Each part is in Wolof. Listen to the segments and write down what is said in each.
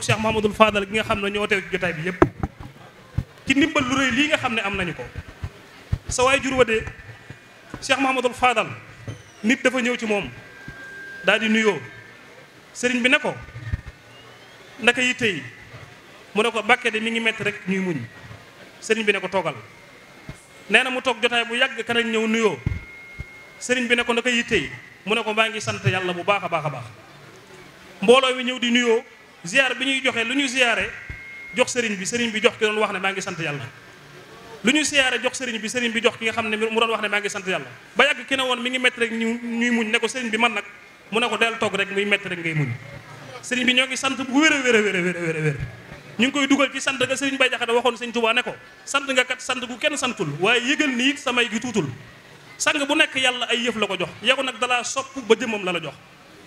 njabootuk Cheikh Mouhamadul Fadal gi nga xam ne ñoo teew ci jotaay bi yépp ci ndimbal lu rëy lii nga xam ne am nañu ko sa waay jur wa de Cheikh Mouhamadul Fadal nit dafa ñëw ci moom daal di nuyoo sëriñ bi ne ko ndaka yitte yi mu ne ko bàkke mi ngi metti rek ñuy muñ bi ne ko toogal nee na mu toog jotaay bu yàgg kanañ ñëw nuyoo sëriñ bi ne ko ndaka mu ne ko maa ngi sant yàlla bu baax a baax a baax mbooloo mi ñëw di nuyoo ziar bi ñuy joxee lu ñu ziare jox sëriñ bi sëriñ bi jox ki doon wax ne maa ngi sant yàlla lu ñu siyaare jox sëriñ bi sëriñ bi jox ki nga xam ne mu doon wax ne maa ngi sant yàlla ba yàgg ki ne woon mi ngi métti ñu ñuy muñ ne ko sëriñ bi man nag mu ne ko del toog rek muy métti rek ngay muñ sëriñ bi ñoo ngi sant bu wér a wér ñu ngi koy dugal ci sant nga sëriñ Bay Jaxate waxoon sëriñ Tuubaa ne ko sant nga kat sant gu kenn santul waaye yëgal ni it samay gi tuutul sang bu nekk yàlla ay yëf la ko jox yow nag dalaa sopp ba jëmmam la la jox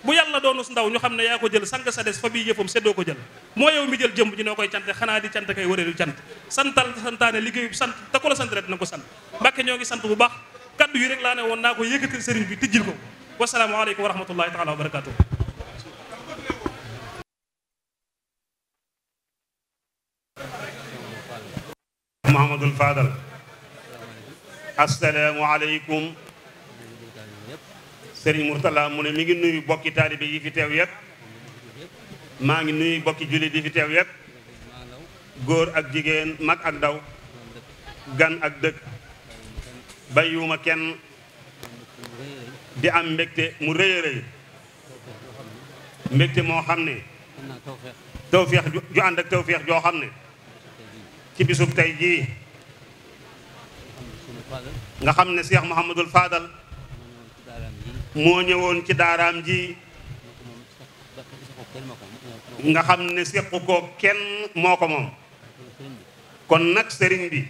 bu yàlla doonus ndaw ñu xam ne yaa ko jël sang sa des fa bii yëfam seddoo ko jël moo yow mi jël jëmb ji noo koy cante xanaa di cant kay wëreelu cant santal santaane liggéeyu sant te ko la sant rek na ko sant mbàkke ñoo ngi sant bu baax kaddu yi rek laa ne woon naa ko yëkkatil sëriñ bi tijjil ko wasalaamaaleykum wa rahmatullahi taala wa barakatuh Muhammadul Fadal asalaamaaleykum Serigne Mourtala mu ne mi ngi nuyu bokki taalibe yi fi teew yépp maa ngi nuyu bokki jullit yi fi teew yépp góor ak jigéen mag ak ndaw gan ak dëkk bàyyiwuma kenn di am mbégte mu rëy a rëy mbégte moo xam ne tawféex ju ànd ak tawféex joo xam ne ci bisub tey jii nga xam ne Cheikh Mouhamadul Fadal moo ñëwoon ci daaraam ji nga xam ne séqu ko kenn moo ko moom kon nag sëriñ bi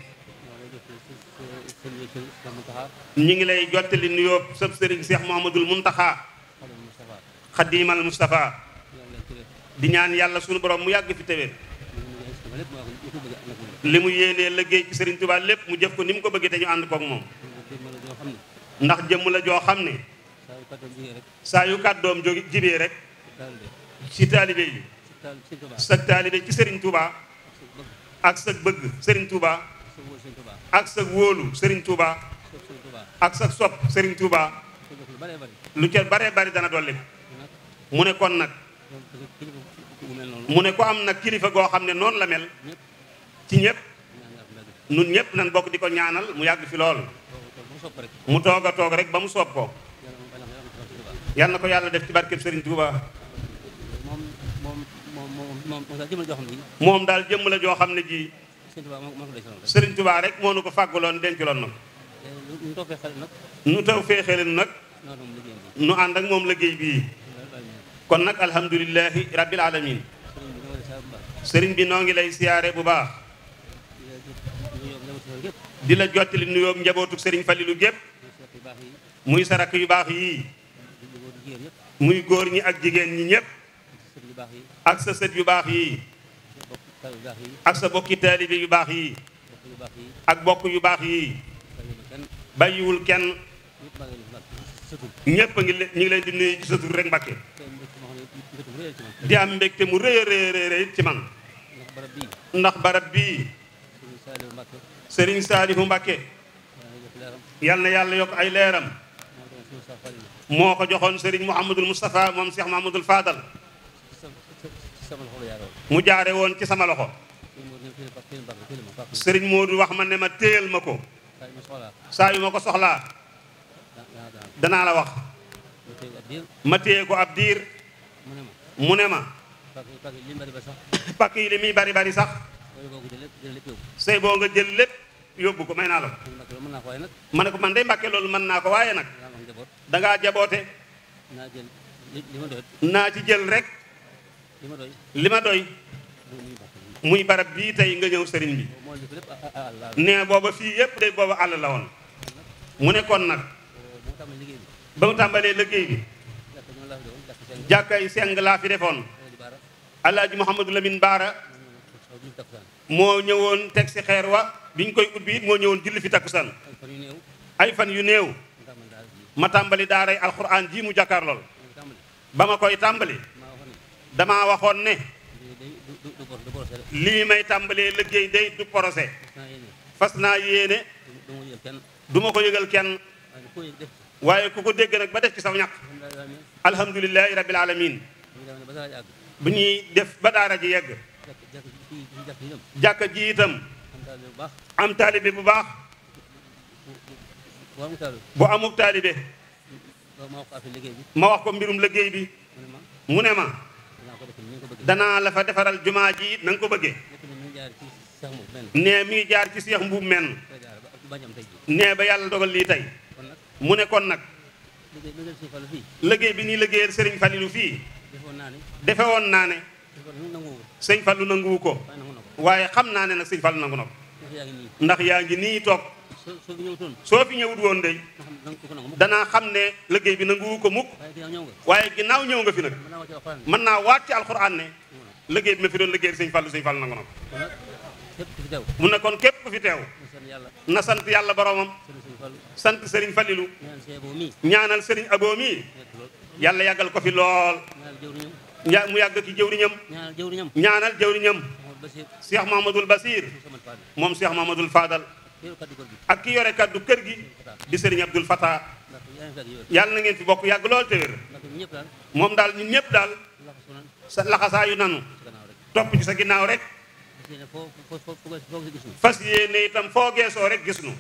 ñu ngi lay jottali nuyoo sëb sëriñ Seex Muhammadul Muntaxa Xadimal Mustafa di ñaan yàlla sunu borom mu yàgg fi téwéen li mu yéenee liggéey ci sëriñ Tuubaa lépp mu jëf ko ni mu ko bëggee te ñu ànd koog moom ndax jëmm la joo xam ne saa yu doom jóge jibee rek ci taalibe yi sa taalibe ci Serigne Touba ak sa bëgg sëriñ Touba ak sa wóolu Serigne Touba ak sa sopp Serigne Touba lu ca bare bari dana dolli mu ne kon nag mu ne ko am nag kilifa goo xam ne noonu la mel ci ñëpp nun ñëpp nan bokk di ko ñaanal mu yàgg fi lool mu toog a toog rek ba mu sopp ko yal na ko yàlla def ci barkeb Serigne Touba. moom moom moom moom daal jëmm la joo xam ne ji. moom daal jëmm la joo xam ne ji. Serigne Touba rek moo nu ko fàggaloon denculoon loon nu eh, taw feexee nag. nu taw feexee nag. nu ànd ak moom liggéey bii. kon nag alhamdulilahi rabbil alamin sëriñ bi noo ngi lay siyaare bu baax. di la jottali nuyoo njabootu sëriñ Falilou gépp muy sarak yu baax yii. muy góor ñi ak jigéen ñi ñëpp ak sa set yu baax yi ak sa bokki taalibe yu baax yi ak bokk yu baax yi bàyyiwul kenn ñëpp a ngi ñu ngi leen di nuyu ci rek Mbàkke di am mbégte mu rëy a rëy rëy ci man ndax barab bii Sëriñ Saalihu Mbàkke yal na yàlla yokk ay leeram moo ko joxoon Serigne Mouhamadul Moustapha moom Cheikh Mouhamadul Fadal mu jaare woon ci sama loxo Serigne Modou wax ma ne ma téel ma ko saa yu ko soxlaa danaa la wax ma téye ko ab diir mu ne ma pakk yi li muy bari bari sax sëy boo nga jël lépp yóbbu ko may naa la ko ma ne ko man day mbàkke loolu mën naa ko waaye nag dangaa jaboote. naa naa ci jël rek. li ma doy. li ma doy. muy barab bii tey nga ñëw sëriñ bi. nee booba fii yépp day booba àll la woon. mu nekkoon kon nag. ba mu tàmbalee liggéey bi. jàkkay seng laa fi defoon. alaaji Mouhamadou Lamine Baara. moo ñëwoon teg si xeer wa biñ koy ubbi it moo ñëwoon julli fi takkusaan. ay fan yu néew. ma tàmbali daaray alxuraan ji mu jàkkaar lool ba ma koy tàmbali damaa waxoon ne lii may tàmbalee liggéey day du procès fas naa yéene du ma ko yëgal kenn waaye ku ko dégg nag ba def ci saw ñàkk alhamdulilahi rabil alamin bu ñuy def ba daara ji yegg jàkka ji am taalibe bu baax bu amul taalibe ma wax ko mbirum liggéey bi mu ne ma danaa la fa defaral jumaa ji it na nga ko bëggee nee mi ngi jaar ci seex mbuub menn nee ba yàlla dogal lii tey mu ne kon nag liggéey bi nii liggéeyal sëriñ Falilu fii defe woon naa ne sëñ Fallu nanguwu ko waaye xam naa ne nag sëñ Fallu nangu na ko ndax yaa ngi nii toog soo fi ñëwut woon day danaa xam ne liggéey bi nanguwu ko mukk waaye ginnaaw ñëw nga fi nag mën naa waat ci alxuraan ne liggéey bi ma fi doon liggéey sëñ Fallu sëñ Fallu nangu na ko mu ne kon képp ku fi teew na sant yàlla boromam sant sëriñ Falilu ñaanal sëriñ Abo mi yàlla yàggal ko fi lool ya mu yàgg ci jëwriñam ñaanal jëwriñam Cheikh Mahamadul Basir moom Cheikh Mahamadul Fadal ak ki yore kaddu kër gi di sëriñ Abdul Fatah yàlla na ngeen fi bokk yàgg lool te wér moom daal ñun ñëpp daal sa laxasaayu nanu topp ci sa ginnaaw rek fas yéene itam foo geesoo rek gis nu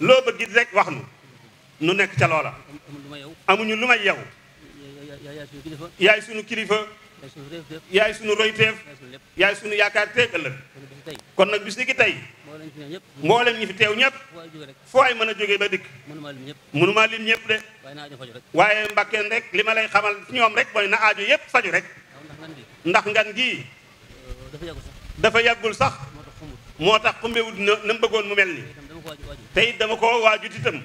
loo bëggit rek wax nu nu nekk ca loola amuñu lu may yow yaay sunu kilifa yaay sunu royteef yaay sunu yaakaar teeg tey kon nag bis ni ki tey mboolem ñi fi teew ñëpp foo ay man a jógee ba dikk mënumaa lim ñëpp de waaye mbàkkeen rek li ma lay xamal ñoom rek mooy na aajo yëpp faju rek ndax ngan gi dafa yàggul sax moo tax xumbewut na na mu bëggoon mu mel ni te dama ko waajut itam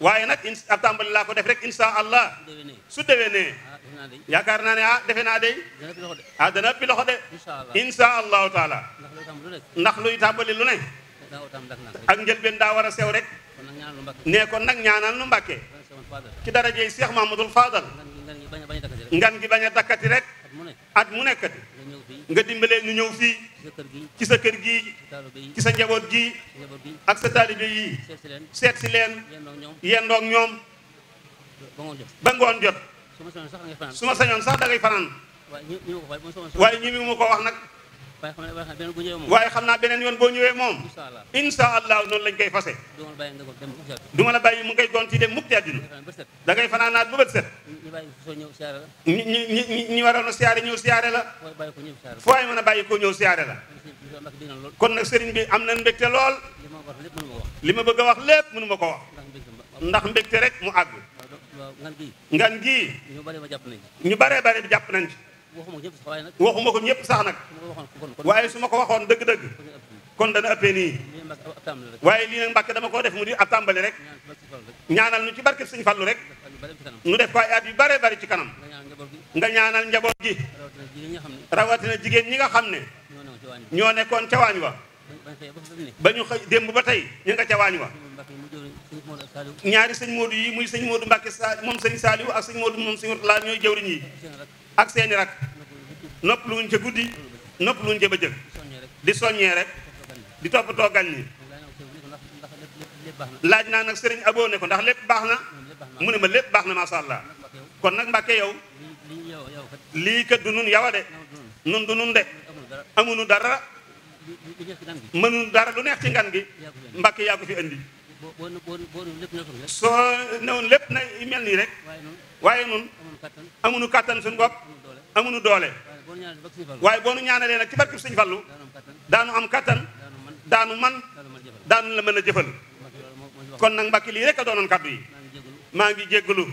waaye nag in ab tàmbali laa ko def rek insha allah su dewee nee ah, yaakaar naa ne ah defe naa day ah dana ëppi loxo de insha allahu taala ndax luy tàmbali lu ne ak njëlbeen daa war a sew rek nee ko nag ñaanal nu mbàkke ci darajey Cheikh a Fadal ngan gi bañ a dakkati rek at mu nekkati nga dimbalee nu ñëw fii ci sa kër gii ci sa njaboot gii ak sa taalibe yii seet si leen yendoog ñoom ba ngoon jot su ma sañoon sax da ngay fanaan waaye ñi mu ko wax nag waaye xam naa beneen yoon boo ñëwee moom insha allah noonu lañ koy fase du la bàyyi mu ngay doon dem mukk ci àddina da ngay bët set ñi ñi ñi waroon a siyaare ñëw siyaare la foo ay mën a bàyyi ko ñëw siyaare la kon nag sëriñ bi am na mbégte lool li ma bëgg a wax lépp mënu ko wax ndax mbégte rek mu àgg ngan gii ñu baree bare jàpp nañ ci waxuma ko ñëpp sax waaye nag. ko ñëpp sax nag. waaye su ma ko waxoon dëgg-dëgg. kon dana ëppee nii. waaye lii nag Mbàkke dama koo def mu di ab tàmbali rek. ñaanal nu ci barke Sëñ Fallu rek. nu def ko ay at yu bare bari ci kanam. nga ñaanal njaboot gi. rawatina jigéen ñi nga xam ne. ñoo nekkoon ca waañ wa. ba ñu xëy démb ba tey ñu nga ca waañ wa. ñaari sëñ Modou yi muy sëñ Modou Mbacke sa moom sëñ Saliou ak sëñ Modou moom sëñ Murtala ñooy jëwriñ yi ak seeni rak nopp luñ ca guddi nopp luñ a bëccëg di soññee rek di toppatoo gan ñi laaj naa nag sëriñ aboo ne ko ndax lépp baax na mu ne ma lépp baax na macha allah kon nag Mbacke yow lii kat du nun yawa de nun du nun de amunu dara mënul dara lu neex ci ngan gi Mbacke yaa ko fi indi boo boo boo lépp na toll rek. soo newoon lépp na mel nii rek. waaye nun amuñu kattan suñu bopp. amuñu doole. waaye boo nu ñaanalee nag ci barkeb Sëñ Fallu daanu am kattan daanu man daanu la mën a jëfal. kon nag mbàkki lii rek a doonoon kaddu yi. maa ngi jéggalu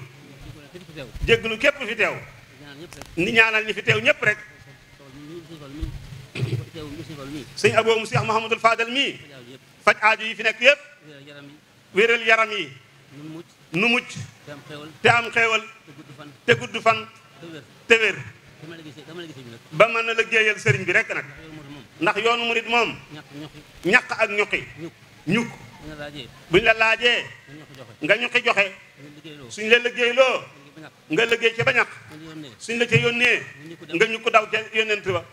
jéggalu képp fi teew. ni ñaanal ñi fi teew ñëpp rek. sëñ aboomu Cheikh Mouhamadul Fadal mii faj aaju yi fi nekk yëpp wéral yaram yi nu mucc te am xéewal te gudd fan te wér ba mën a liggéeyal sëriñ bi rekk nag ndax yoonu murit moom ñaq ak ñuqi ñuk buñ la laajee nga ñuqi joxe suñ la liggéeyloo nga liggéey ci ba ñaq suñ la ca yónnee nga ñukk daw ca yónnent ba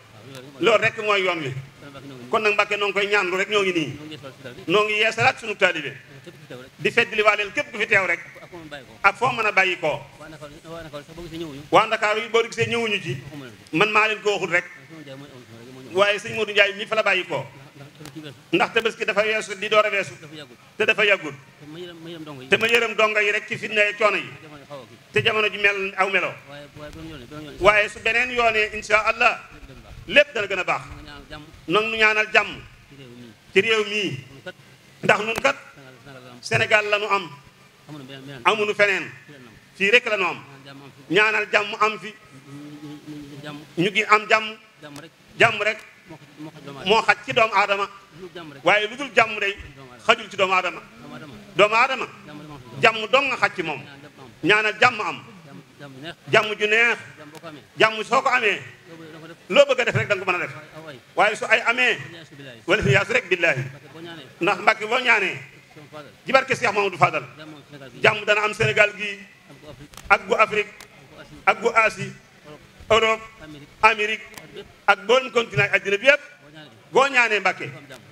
loolu rekk mooy yoon wi kon nag Mbàkke noo ngi koy ñaanlu rek ñoo ngi nii noo ngi yeesalaat sunu taalibe di feddali waaleel képp ku fi teew rek ak foo mën a bàyyi koo waa Ndakaaru yi boo gisee ñëwuñu ci man maa leen ko waxul rek waaye sëñ Modou Ndiaye mi fa la bàyyi koo ndax tabaski dafa weesu di door a weesu te dafa yàggul te ma yërëm donga yi rek ci fitna yi coono yi te jamono ji mel aw meloo waaye su beneen yoonee insha allah lépp dana gën a baax nag nu ñaanal jàmm ci réew mii ndax nun kat Sénégal la nu am amunu feneen ci rek la nu am ñaanal jàmm am fi ñu ngi am jàmm jàmm rek moo xaj ci doomu aadama waaye lu dul jàmm day xajul ci doomu adama doomu aadama jàmm dong nga xaj ci ñaanal jàmm am jàmm ju neex jàmm soo ko amee loo bëgg a def rek da nga ko mën a def waaye su ay amee wala fi yaasu rek billaahi ndax mbàkke boo ñaanee ci barke Cheikh Mamadou Fadal jàmm dana am Sénégal gii ak bu Afrique ak bu Asie Europe Amérique ak boolum continent àddina bi yëpp boo ñaanee mbàkke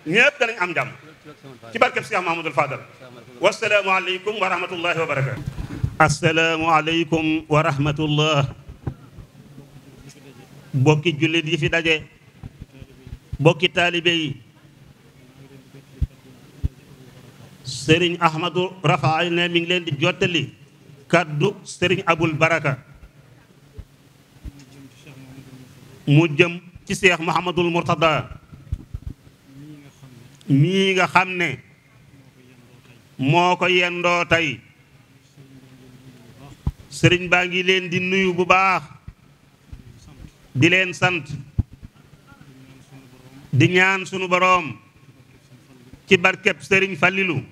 ñëpp danañ am jàmm ci barke Cheikh Mamadou Fadal wasalaamu aleykum wa rahmatullahi wa barakatu asalaamu aleykum wa rahmatullah mbokki jullit yi fi daje mbokki taalibe yi sëriñ ahmadu rafaay ne mi ngi leen di jottali kàddu sëriñ abul baraka mu jëm ci seex muhammadul murtada mii nga xam ne moo ko yendoo tey sëriñ baa ngi leen di nuyu bu baax di leen sant di ñaan sunu boroom ci barkeb sëriñ fa Fallilou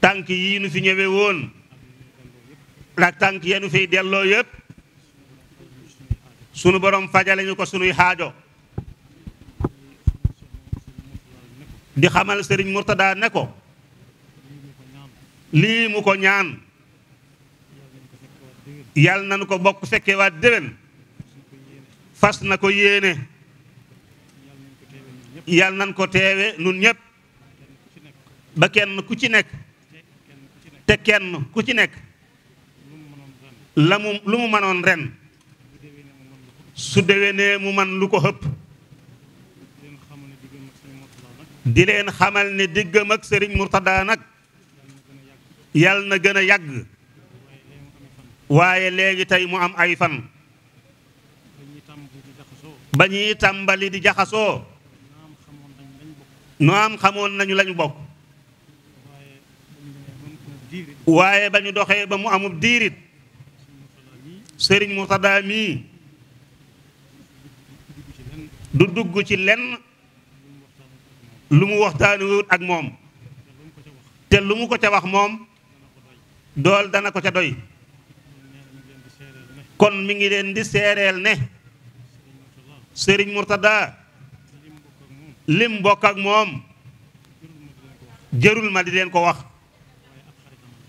tànk yii nu fi ñëwe woon ak tànk yenu fiy delloo yépp sunu boroom fajale ñu ko sunuy xaajo di xamal sëriñ Mourtada ne ko lii mu ko ñaan yal nañu ko bokk fekkewaat déwén fas na ko yéene yal nan ko teewe nun ñépp ba kenn ku ci nekk te kenn ku ci nekk la lu mu mënoon ren su déwénee mu man lu ko xëpp di leen xamal ne diggam ak sëriñ Murtada nag yal na gën a yàgg waaye léegi tey mu am ay fan ba ñuy tàmbali di jaxasoo noo am xamoon nañu lañu bokk waaye ba ñu doxee ba mu amub diirit sëriñ Murtada mii du dugg ci lenn lu mu waxtaaniwut ak moom te lu mu ko ca wax moom dool dana ko ca doy kon mu ngi leen di seereel ne sëriñ Murtada lim mbokk ak moom jërul ma di leen ko wax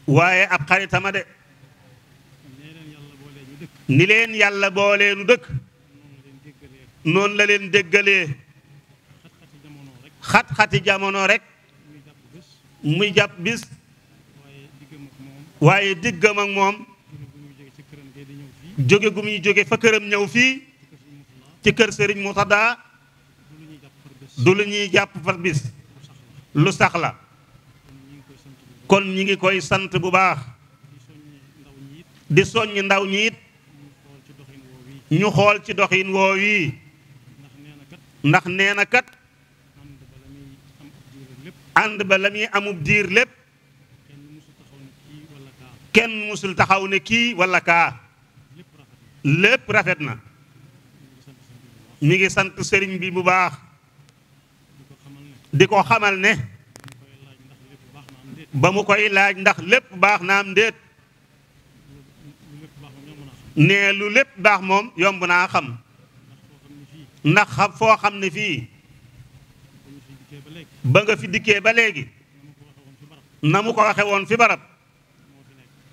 waaye ab xaritama de ni leen yàlla boolee dëkk noonu la leen déggalee xat-xati jamono rek muy jàpp bis waaye diggam ak moom jóge gu muy jóge fa këram ñëw fii ci kër sëriñ Mourtada du lu ñuy jàpp far bis lu sax la kon ñi ngi koy sant bu baax di soññ ndaw ñi ñu xool ci doxin woo wii ndax nee na kat ànd ba la muy amub diir lépp kenn musul taxaw ne kii walla kaa lépp rafet na ñi ngi sant sëriñ bi bu baax di ko xamal ne ba mu koy laaj ndax lépp baax naa am ndéet ne lu lépp baax moom yomb naa xam ndax foo xam ne fii ba nga fi dikkee ba léegi na mu ko waxe woon fi barab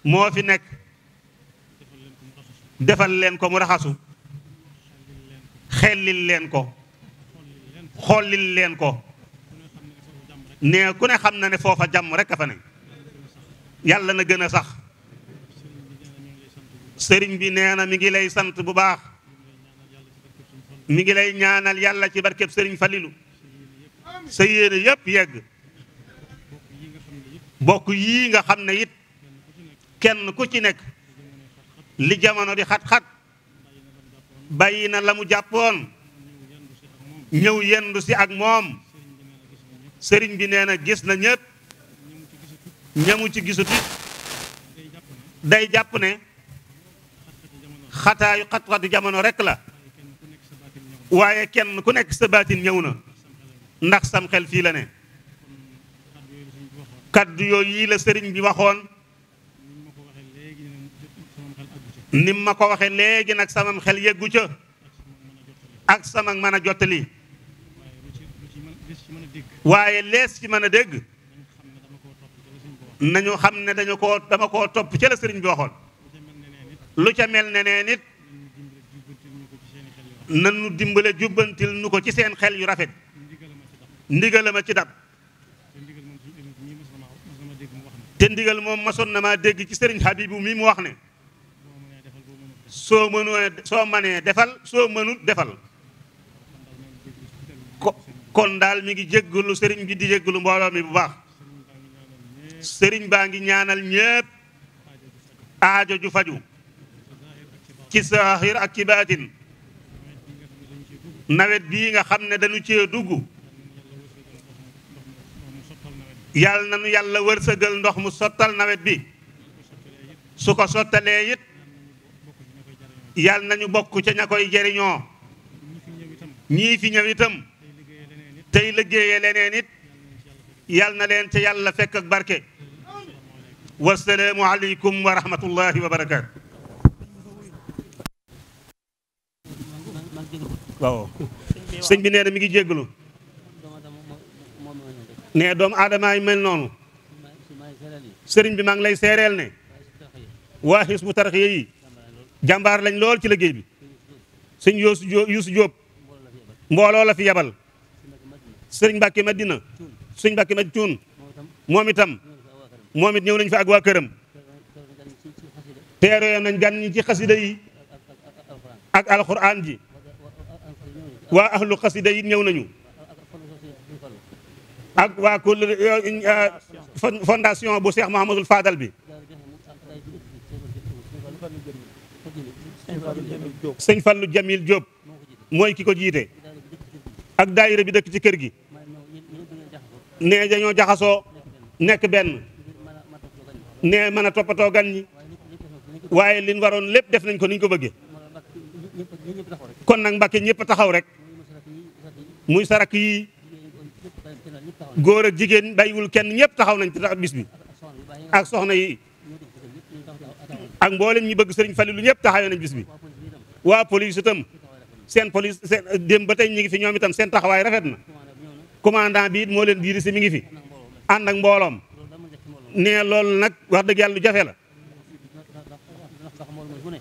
moo fi nekk defal leen ko mu raxasu xellil leen ko leen ko ne ku ne xam na ne foofa jàmm rek a fa ne yàlla na gën a sax sëriñ bi neena na mi ngi lay sant bu baax mu ngi lay ñaanal yàlla ci barkeb sëriñ Falilu sa yéene yépp yegg bokk yii nga xam ne it kenn ku ci nekk li jamono di xat-xat bàyyi na la mu jàppoon ñëw yendu si ak moom sëriñ bi nee na gis na ñépp ñamu ci gisut day jàpp ne xataayu xat-xatu jamono rek la waaye kenn ku nekk sa baatin ñëw na ndax sam fii la ne kaddu yooyu yi la sëriñ bi waxoon nim ma ko waxe léegi nag sama xel yeggu ca ak sama mën a jottali waaye lees ci mën a dégg nañu xam ne dañu ko dama koo topp ca sëriñ bi waxoon lu ca mel ne nee nit nanu dimbale jubbantil nu ko ci seen xel yu rafet ndigalama ci dab te ndigal moom masoon na maa dégg ci sëriñ Habibu mi mu wax ne soo mënoo soo manee defal soo mënul defal ko kon daal mi ngi jéggalu sëriñ bi di jéggalu mbooloo mi bu baax sëriñ baa ngi ñaanal ñépp aajo ju faju ci saaxir ak ci baatin nawet bii nga xam ne dañu cee dugg yàlla na nu yàlla wërsëgal ndox mu sottal nawet bi su ko sottalee it yàlla nañu bokk ca ña koy jëriñoo ñii fi ñëw itam tey liggéeye leneen it yàlla na leen ca yàlla fekk ak barke wasalaamu aleykum wa sëñ bi nee mi ngi jéggalu nee doomu aadama yi mel noonu sëriñ bi maa ngi lay seereel ne waa xisbu tarxiya yi jàmbaar lañ lool ci liggéey bi sëñ Youssou Youssou Diop la fi yabal sëriñ Mbàkke Madina sëriñ Mbàkke Madina Tuun moom itam ñëw nañ fa ak waa këram teeroo nañ gan ñi ci xasida yi ak alxuraan ji waa ahlu xasida ñëw nañu ak waa ko euh, euh, fondation bu Cheikh Mouhamadoul Fadal bi sëñ Fallou Jamil Diop mooy ki ko jiite ak daayira bi dëkk ci kër gi nee dañoo jaxasoo nekk benn nee mën toppatoo gan ñi waaye lin waroon lépp def nañ ko niñ ko bëggee kon nag Mbàkke ñëpp taxaw rek muy sarak yi góor ak jigéen bàyyiwul kenn ñëpp taxaw nañ ci tax bis bi ak soxna yi ak mboolem ñi bëgg sëriñ Falilu ñëpp taxawee nañ bis bi waa police tam seen police seen dem ba tey ñi ngi fi ñoom itam seen taxawaay rafet na commandant bi it moo leen diiri si mi ngi fi ànd ak mbooloom ne lool nag wax dëgg yàlla lu jafe la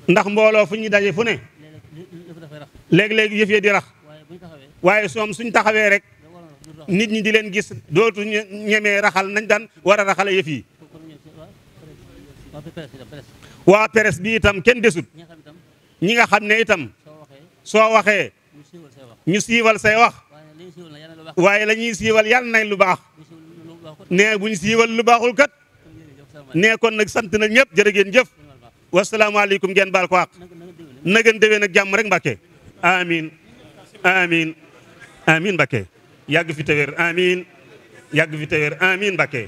ndax mbooloo fu ñuy daje fu ne léeg-léeg yëf di rax waaye soom suñ taxawee rek nit ñi di leen gis dootu ñemee raxal nañ daan war a raxale yëf waa presse bi itam kenn desut ñi nga xam ne itam soo waxee ñu siiwal say wax waaye la ñuy siiwal yàlla nañ lu baax nee buñ siiwal lu baaxul kat nee kon nag sant na ñëpp jërë ngeen jëf ngeen baal ko àq na ngeen déwee nag jàmm rek Mbàkke amin amin amin Mbàkke yàgg fi tawér amin yàgg fi tawér amin Mbàkke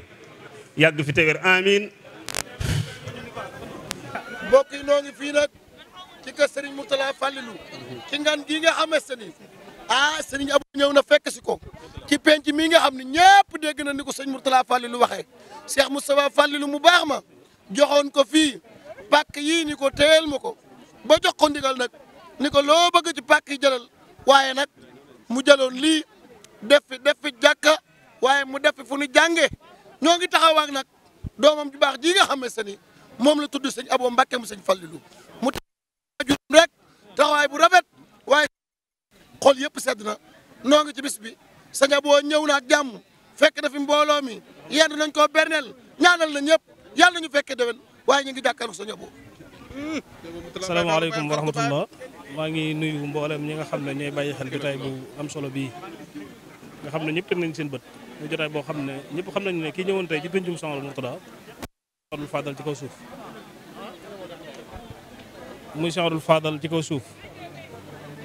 yàgg fi tawér amin mbokk yi noo ngi fii nag ci kër Serigne Mourtala Fallilou ci ngan gii nga xamante ni ah Serigne Abou ñëw na fekk si ko ci penc mii nga xam ne ñëpp dégg ni ko sëñ Mourtala Fallilou waxee Cheikh Moustapha Fallilou mu baax ma joxoon ko fii pàkk yii ni ko téyel ma ko ba jox ko nag ni ko loo bëgg ci pàkk yi jëlal waaye nag mu jëloon lii def defe def jàkka waaye mu def fi fu ñu jàngee ñoo ngi taxawaak nag doomam ju baax ji nga xamante ni moom la tudd sañ aboo mbakkee mu sañ sëñ Fallilu mu jur rek taxawaay bu rafet waaye xol yëpp sedd na noo ngi ci bis bi sëñ Abo ñëw na ak jàmm fekk na fi mbooloo mi yenn nañ koo berneel ñaanal na ñëpp yàlla nañu fekkee déwén waaye ñu ngi jàkkaarloo sëñ Abo salaamaaleykum wa rahmatullah maa ngi nuyu mboolem ñi nga xam ne ñooy bàyyi xel jotaay bu am solo bii nga xam ne ñëpp teg nañ seen bët ñu jotaay boo xam ne ñëpp xam nañ ne kii ñëwoon tey ci péncum Sëñ Cheikhoul Fadal ci kaw suuf muy Cheikhoul Fadal ci kaw suuf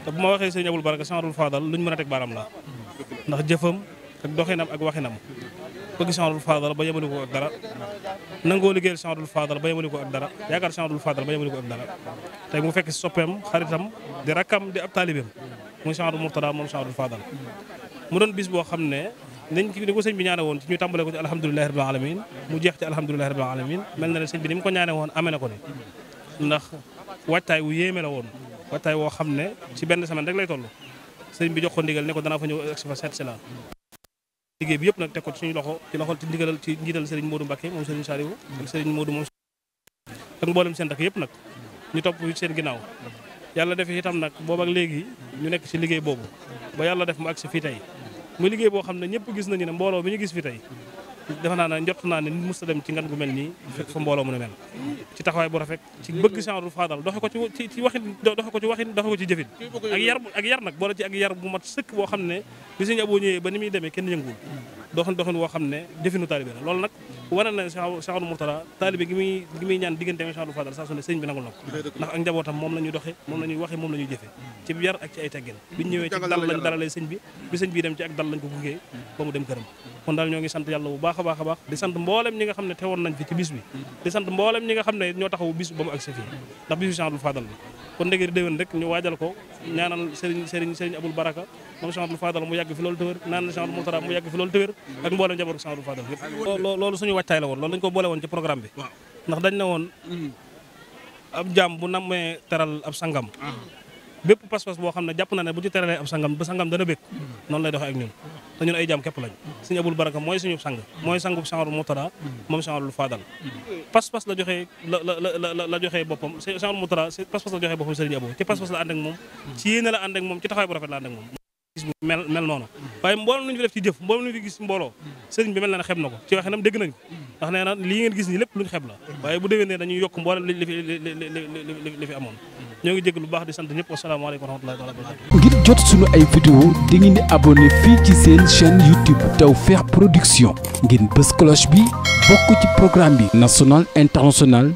te bu ma waxee sëñ Abul Baraka Cheikhoul Fadal luñ mën a teg baaraam la ndax jëfam ak doxinam ak waxinam bëgg Cheikhoul Fadal ba yemali ko ak dara nangoo liggéeyal Cheikhoul Fadal ba yemali ko ak dara yaakaar Cheikhoul Fadal ba yemali ko ak dara te mu fekk soppeem xaritam di rakkam di ab taalibeem muy Cheikhoul Mourtada moom Cheikhoul Fadal mu doon bis boo xam ne nañ bi ñaane woon ci ñu tàmbale ko ci alhamdulilahi rabbil alamin mu jeex ci alhamdulilahi rabbil alamin mel na ne sëñ bi ni ko ñaane woon amee na ko ni ndax waajtaay wu yéeme la woon waajtaay woo xam ne si benn semaine rek lay toll sëñ bi jox ko ndigal ne ko danaa fa ñëw egsi fa seet si la liggéey bi yëpp nag teg ko ci suñu loxo ci loxo ci ndigalal ci njiital sëriñ Modou Mbacké moom sëriñ Saliou ak sëriñ Modou moom ak mboolem seen yëpp nag ñu topp seen ginnaaw yàlla def itam nag boobu ak léegi ñu nekk si liggéey boobu ba yàlla def mu agsi muy liggéey boo xam ne ñëpp gis nañu ne mbooloo bi ñu gis fi tey defe naa ne njot naa ne musta dem ci ngan gu mel nii fekk fa mbooloo mu ne mel ci taxawaay bu rafet ci bëgg genre faadal doxe ko ci ci waxin doxe ko ci waxin doxe ko ci jëfin ak yar nag boole ci ak yar bu mat sëkk boo xam ne bi suñu aboo ñëwee ba ni muy demee kenn yënguwul doxin doxin woo xam ne jëfinu taalibe la loolu nag wane na Cheikh Abdou Mourtada taalibe muy ñaan diggante Cheikh Abdou Fadal saa su bi nangul na ndax ak njabootam moom la doxe moom la waxe moom la jëfe mm. ci yar mm. bi dem ci ak dal lañ ko gungee mm. ba mu dem këram kon daal ñoo ngi sant yàlla bu baax a baax a baax di sant mboolem ñi nga xam ne teewoon nañ fi ci bis bi di sant mboolem ñi nga xam ne ñoo taxaw bis ba mu agsi fii ndax bisu Cheikh Abdou Fadal bi kon ndegeri déwén rek ñu moom Cheikh Abdou Fadal mu yàgg fi loolu tëwër naan Cheikh Abdou Moutara mu yàgg fi loolu tëwër ak mboolem jabaru Cheikh Abdou Fadal yëpp loolu suñu wàccaay la woon loolu dañu ko boole woon ci programme bi hmm. ah. boo xam ne jàpp na ne bu ci teralee ab sangam ba sangam dana bëgg noonu lay doxee ak ñun te ñun ay hmm. hmm. moom Cheikh Abdou Fadal pas la joxee la la la la joxee boppam Cheikh Abdou Moutara pas ci pas-pas la ànd moom ci yéene bu rafet la ànd moom gis bu mel noonu waaye mbooloo lu ñu fi def ci jëf mbooloo lu ñu fi gis mbooloo sëriñ bi mel na ne xeb na ko ci waxinam dégg nañ ko ndax nee na lii ngeen gis nii lépp lu ñu xeb la waaye bu ne dañuy yokk mboolam li fi li fi amoon ñoo ngi jégg lu baax di sant ñëpp wasalaamaaleykum wa rahmatullahi taala barakatu ngir jot suñu ay vidéo di ngeen di abonné fii ci seen chaîne YouTube Tawfekh Production ngeen bës cloche bi bokk ci programme bi national international